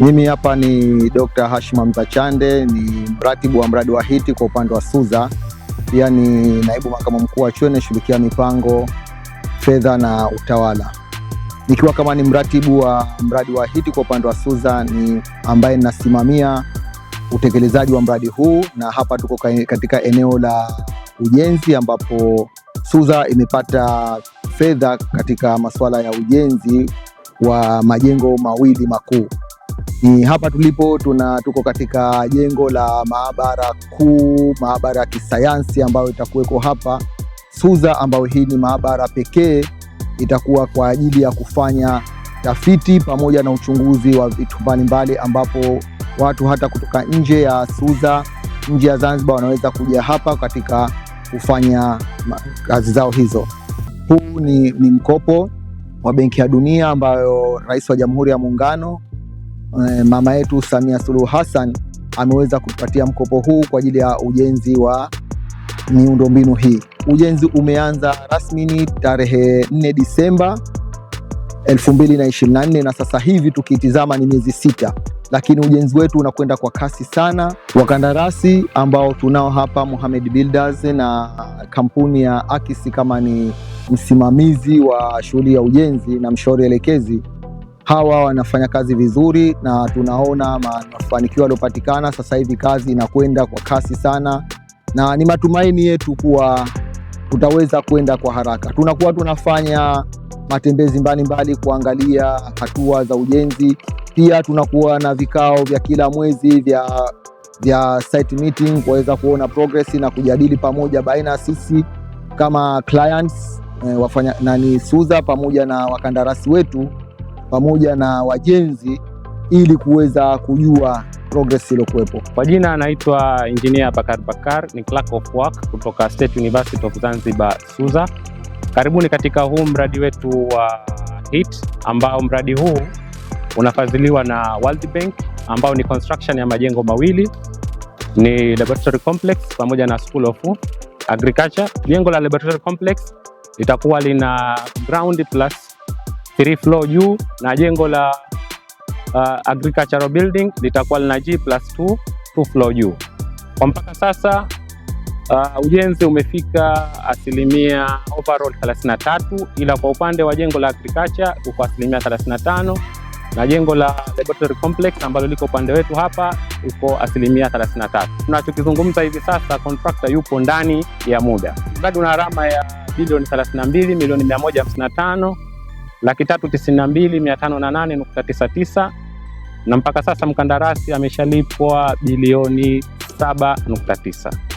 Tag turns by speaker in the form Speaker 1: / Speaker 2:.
Speaker 1: Mimi hapa ni Dr. Hashima Mzachande, ni mratibu wa mradi wa hiti kwa upande wa SUZA, pia ni naibu makamu mkuu wa chuo anayeshughulikia mipango, fedha na utawala. Nikiwa kama ni mratibu wa mradi wa hiti kwa upande wa SUZA, ni ambaye ninasimamia utekelezaji wa mradi huu, na hapa tuko katika eneo la ujenzi ambapo SUZA imepata fedha katika masuala ya ujenzi wa majengo mawili makuu. Ni hapa tulipo tuna, tuko katika jengo la maabara kuu, maabara ya kisayansi ambayo itakuweko hapa Suza, ambayo hii ni maabara pekee itakuwa kwa ajili ya kufanya tafiti pamoja na uchunguzi wa vitu mbalimbali, ambapo watu hata kutoka nje ya Suza, nje ya Zanzibar, wanaweza kuja hapa katika kufanya kazi zao hizo. Huu ni, ni mkopo wa Benki ya Dunia ambayo Rais wa Jamhuri ya Muungano Eh, mama yetu Samia Suluhu Hassan ameweza kutupatia mkopo huu kwa ajili ya ujenzi wa miundombinu hii. Ujenzi umeanza rasmi ni tarehe 4 Disemba 2024 na sasa hivi tukitizama ni miezi sita, lakini ujenzi wetu unakwenda kwa kasi sana. Wakandarasi ambao tunao hapa Mohamed Builders na kampuni ya Akisi kama ni msimamizi wa shughuli ya ujenzi na mshauri elekezi hawa wanafanya kazi vizuri na tunaona mafanikio yaliyopatikana. Sasa hivi kazi inakwenda kwa kasi sana, na ni matumaini yetu kuwa tutaweza kwenda kwa haraka. Tunakuwa tunafanya matembezi mbalimbali mbali kuangalia hatua za ujenzi. Pia tunakuwa na vikao vya kila mwezi vya, vya site meeting kuweza kuona progress na kujadili pamoja baina ya sisi kama clients, eh, wafanya nani SUZA pamoja na wakandarasi wetu pamoja na wajenzi ili kuweza kujua progress iliyokuwepo.
Speaker 2: Kwa jina anaitwa Engineer Bakar Bakar, ni clerk of work kutoka State University of Zanzibar SUZA. Karibuni katika huu mradi wetu wa hit ambao mradi huu unafadhiliwa na World Bank ambao ni construction ya majengo mawili ni laboratory complex pamoja na School of Agriculture. Jengo la laboratory complex litakuwa lina ground plus 3 floor juu na jengo la uh, agricultural building litakuwa lina G plus 2 2 floor juu. Kwa mpaka sasa uh, ujenzi umefika asilimia overall 33, ila kwa upande wa jengo la agriculture uko asilimia 35 na jengo la laboratory complex ambalo liko upande wetu hapa uko asilimia 33. Tunachokizungumza hivi sasa, contractor yupo ndani ya muda. Mradi una gharama ya bilioni 32 milioni 155 laki tatu tisini na mbili mia tano na nane nukta tisa tisa na mpaka sasa mkandarasi ameshalipwa bilioni saba nukta tisa.